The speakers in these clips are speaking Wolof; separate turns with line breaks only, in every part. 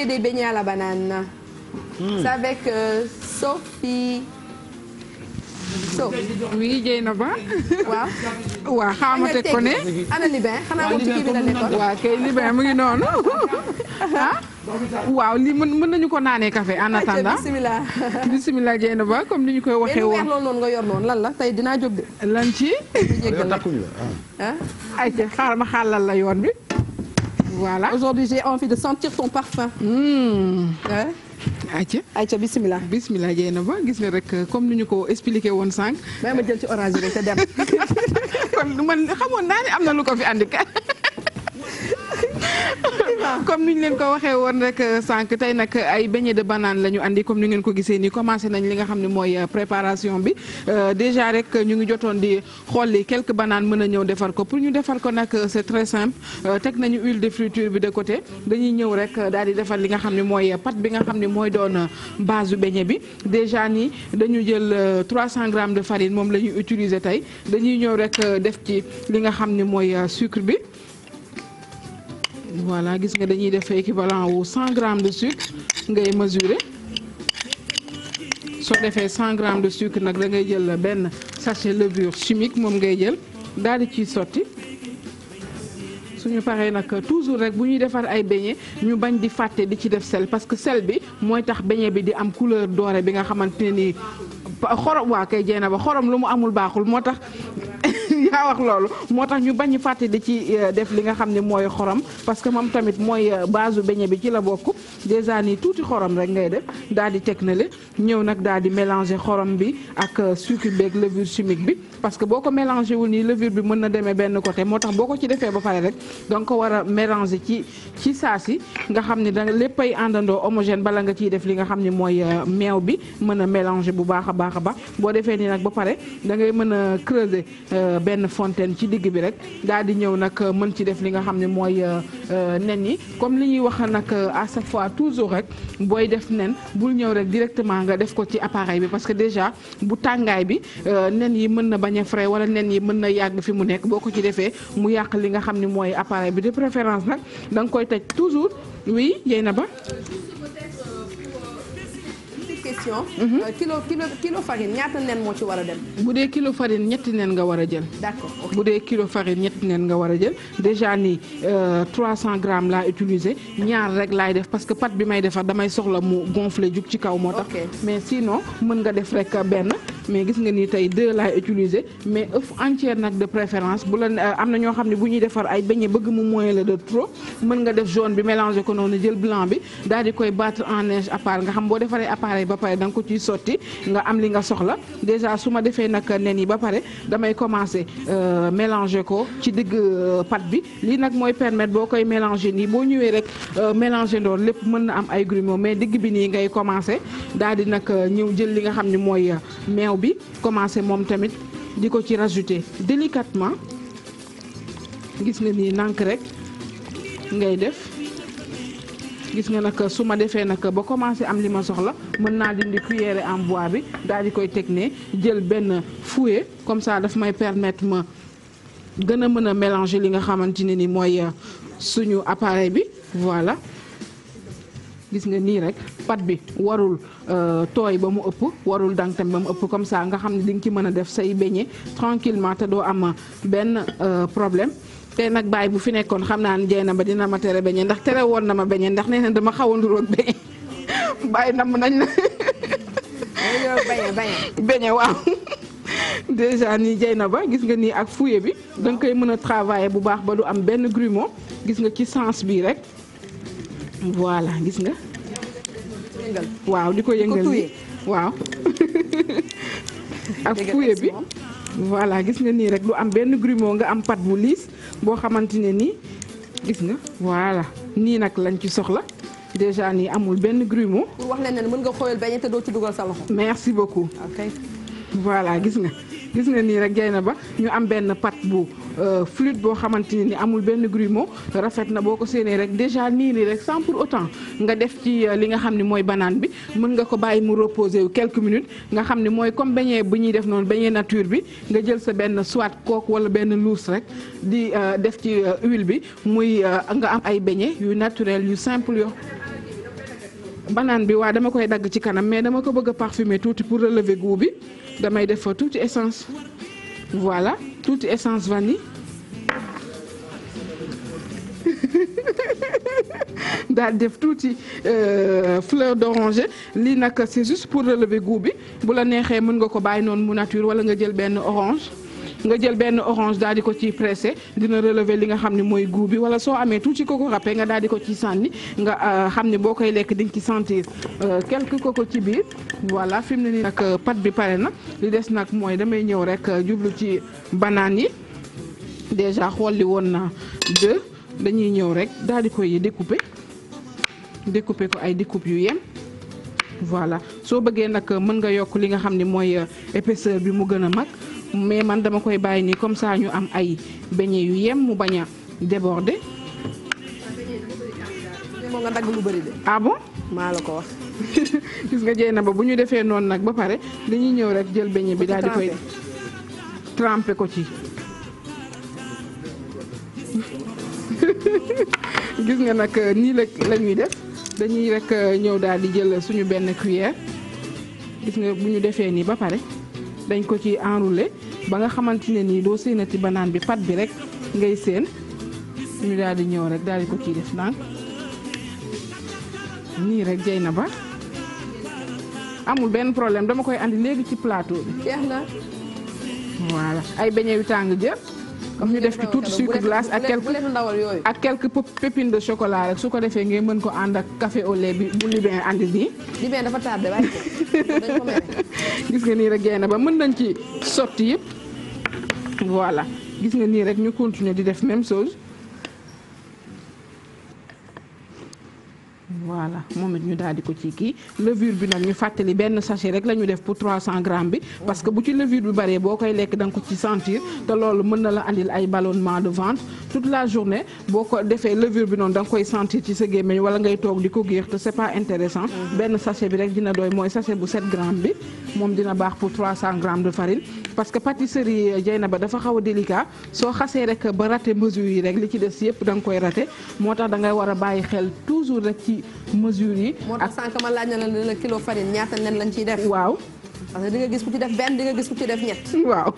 fait des beignets à la banane. Mm. C'est avec euh, Sophie. so oui Dieynaba. waaw. waaw ko ne. ana Libin xanaa moom ci bi la nekkoon. waaw ah? waaw lii mën mën nañu ko naanee café en attendant. bisimilah. bisimilah Dieynaba comme ni ñu koy waxee woon. loolu noonu nga yor noonu lan la tey dinaa jóg de. lan ci. Ah. ayca xaaral ma xaalal la yoon bi. voilà aujourd'hui j'ai envie de sentir ton parfum. Hmm. Aïcha Aïcha bisimilah. bisimilah Dieynaba gis nga rek euh, comme ni ñu ko expliqué woon sànq. may ma jël ci orange rek te dem kon man xamoon naa ne am na lu ko fi andi comme ni ñu leen ko waxee woon rek euh, sànq tey nag euh, ay beignet de banane la ñu andi comme ni ngeen ko gisee nii commencé nañ li nga xam ne mooy euh, préparation bi déjà rek ñu ngi jotoon di xool xolli quelque bananes mën a ñëw defar ko pour ñu defar ko nag c'est très simple teg nañu huile de friture bi de côté dañuy ñëw rek daal di defar li nga xam ne mooy pat bi nga xam ne mooy doon base du beignet bi déjà nii dañu jël trois 300 grammes de farine moom la ñuy utiliser tey dañuy ñëw rek def ci li nga xam ne mooy sucre bi. voilà gis nga dañuy def équivalent wu 100 grammes de sucre ngay mesurer soo defee 100 grammes de sucre nag da ngay jël benn sachet levure chimique moom ngay jël daal di ciy sotti suñu paree nag toujours rek bu ñuy defar ay beignet ñu bañ di fàtte di ci def sel parce que sel bi mooy tax beignet bi di am couleur doore bi nga xamante ni nii xorom waa kay jeena ba xorom lu mu amul baaxul moo tax. yaa wax loolu moo tax ñu bañ fàtte di ci euh, def li nga xam ne mooy xorom parce que moom tamit mooy euh, base beñe bi ci la bokk dèjà nii tuuti xorom rek ngay def daal di teg na le ñëw nag daal di mélanger xorom bi ak euh, sucre beeg levure chimique bi parce que boo ko mélangé wul nii levure bi mën na demee benn côté moo tax boo ko ci defee ba pare rek danga ko war a mélanger ci ci saa si nga xam ne da léppay àndandoo homogène bala nga ciy def li nga xam ne mooy meew bi mën a mélanger bu baax a baax a baax boo defee nii nag ba pare da ngay mën a creuser Euh, benn fontaine ci digg bi rek daal di ñëw nag euh, mën ci def li nga xam ne mooy euh, nen yi comme li ñuy wax nag à chaque fois toujours rek booy def nen bul ñëw rek directement nga def ko ci appareil bi parce que déjà bu tàngaay bi nen yi mën na bañ a frais wala nen yi mën na yàgg fi mu nekk boo ko ci defee mu yàq li nga xam ni mooy appareil bi de préférence nag da nga koy tëj toujours oui na ba question. Mhm. Euh, kilo kilo kilo farine ñaata nen moo ci war a dem. bu dee kilo farine ñetti nen nga war a jël. d'accord bu dee kilo farine ñetti nen nga war a jël déjà ni 300 euh, grammes laa utiliser ñaar rek laay def parce que pâte bi may defar damay soxla mu gonfler jug ci kaw moo tax. mais sinon mën nga def rek benn. mais gis nga nii tey deux laay utiliser mais œuf entière nag de préférence bu la euh, am na ñoo xam ne bu ñuy defar ay beignet bëgg mu moyen la de trop mën nga def jaune bi mélanger ko noonu jël blanc bi daal di koy en neige à part nga xam boo defaree appareil ba pare da nga ko nga am li nga soxla déjà su ma nag nen yi ba pare damay commencer euh, mélanger ko ci digg euh, pâte bi lii nag mooy permettre boo koy mélanger nii boo ñëwee rek mélanger ndoor lépp mën na am ay grumeaux mais digg bi nii ngay commencer daal di nag ñëw jël li nga xam ne mooy meew bi commencé moom tamit di ko ci rajouter délicatement gis nga nii nànk rek ngay def gis nga nag su ma defee nag ba commencé am li ma soxla mën naa dindi cuillère en bois bi daal di koy teg ne jël benn fouet comme ça daf may permettre ma gën a mën a mélanger li nga xamante ne ni mooy euh, suñu appareil bi voilà. gis nga nii rek pat bi warul euh, tooy ba mu ëpp warul dang tamit ba mu ëpp comme ça nga xam ne di nga ci mën a def say beñe tranquillement te doo am benn euh, problème te nag baay bu fi nekkoon xam naa ne jey na ba dina ma tere beñe ndax tere woon na ma beñe ndax dama xaw a nduroog beñe bàyyi nam nañ la beñe waaw na ba gis nga nii ak fouet bi danga koy mën a travailler bu baax ba du am benn grumeau gis nga ci sens bi rek voilà gis nga. waaw di ko yëngal nii waaw. ak fuye bi voilà gis nga nii rek lu am benn grimo nga am pat bu liis boo xamante ne nii gis nga voilà nii nag lañ ci soxla déjà nii amul benn grumeau. pour wax leen ne mën nga xooyal bañ te doo ci dugal sa loxo. merci beaucoup. ok voilà gis nga gis nga nii rek jay na ba ñu am benn pat bu. Euh, flûte boo xamante ni amul benn grumeau rafet na boo ko séenee rek déjà nii rek sans pour autant nga def ci euh, li nga xam ne mooy banaan bi mën nga ko bàyyi mu reposer wu quelques minutes nga xam ne mooy comme beñee bu ñuy def noonu beñee nature bi nga jël sa benn soit kook wala benn luus rek di euh, def ci uile bi muy nga am ay beñee yu naturel yu simple yo banaan bi waa dama koy dagg ci kanam mais dama ko bëgg a parfumer tuuti pour relever goût bi damay def fa tuuti essence voilà tuuti essence vanille daal def tuuti euh, fleur d'oranger lii nag c'est juste pour relever goût bi bu la neexee mën nga ko bàyyi noonu mu nature wala nga jël benn orange. nga jël benn orange daal di ko ci pressé dina relever li nga xam ne mooy goût bi wala soo amee tuuti coco râpé nga daal ko ci sànni nga euh, xam ne boo koy lekk di nga ci sentir euh, quelque ko ci biir voilà fi mu ne nii nag euh, pâte bi pare na li des nag mooy damay ñëw rek jublu ci banaan yi déjà xolli woon na dañuy ñëw rek daal di koy découper découper ko ay découpe yu yem voilà soo bëggee nag mën nga yokk li nga xam ni mooy épaisseur bi mu gën a mag mais man dama koy bàyyi nii comme ça ñu am ay beñe yu yem mu bañ a déborder. de. ah bon maa la ko wax. gis nga jéy na ba bu ñu defee noonu nag ba pare dañuy ñëw rek jël beñe bi daal koy. trempé ko ci. gis nga nag euh, nii la la ñuy def dañuy rek euh, ñëw daal di jël suñu benn cuillère gis nga bu ñu defee nii ba pare dañ ko ci enroulé ba nga xamante ne nii doo séenati banaan bi pat bi rek ngay séen ñu daal di ñëw rek daal ko ci def ndànk nii rek jey na ba amul benn problème dama koy andi léegi ci plateau bi. jeex na. ay beñe yu tàng jër. comme ñu def ci tuuti sucre glace ak quelques ak quelques pépines de chocolat rek su ko defee ngay mën ko ànd ak café au lait bi bu Libin andi nii. dafa tardé waaye gis nga nii rek jey na ba mën nañ ci sotti yëpp. voilà gis nga nii rek ñu continuer di def même chose voilà moom it ñu daal di ko ci kii levure bi nag ñu fàttali benn sachet rek la ñu def pour 300 grammes bi. parce que bu ci levure bi baree boo koy lekk da nga ko ci sentir. te loolu mën na la andil ay ballonnement de ventre toute la journée boo ko defee levure bi noonu da koy sentir ci sa gémmiñ wala ngay toog di ko géex te c'est pas intéressant benn sachet bi rek dina dooy mooy sachet bu 7 grammes bi moom dina baax pour 300 grammes de farine. parce que pâtisserie euh, Dieynaba dafa xaw a délicat soo xasee rek ba raté yi rek li ci des yëpp da koy raté moo tax da war a bàyyi xel. toujours rek ci mesures yi. moo tax sànq ma laaj na la kilo farine ñaata nen lañ ciy def. waaw parce que di nga gis ku ci def benn di nga gis ku ci def ñett. waaw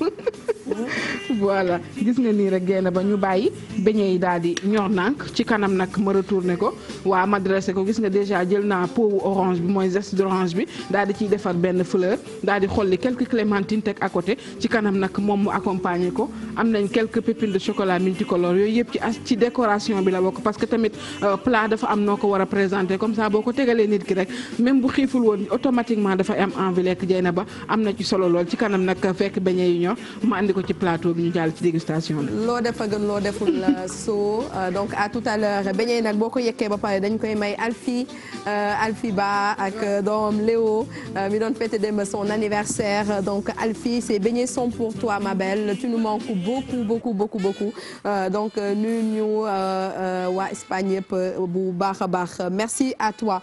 voilà gis nga nii rek na ba ñu bàyyi beñe yi daal di ñor nànk ci kanam nag ma retourné ko waa ma dressé ko gis nga déjà jël na pot orange bi mooy zeste d'orange bi daal di ci defar benn fleur daal di xolli quelques clémentines teg à côté ci kanam nag moom mu accompagné ko am nañ quelques pépites de chocolat multicolore yooyu yëpp ci as ci décoration bi la bokk parce que tamit euh, plat dafa am noo ko war a comme ça boo ko tegalee nit ki rek même bu xiiful woon automatiquement dafay am envie lekk na ba ba am na ci solo lool ci kanam nag fekk beñe yu ñor ma andi ko ci plateau bi ñu jàll ci dégustation loo def a gën loo deful euh, so euh, donc à tout à l'heure beñe nag boo ko yekkee ba pare dañ koy may Alfi euh, Alfi Ba ak doomam Léo mi doon fêté démb son anniversaire donc Alfi ces beignets sont pour toi ma belle tu nous manques beaucoup beaucoup beaucoup beaucoup donc nuyu ñu waa Espagne yëpp bu baax a baax merci à toi.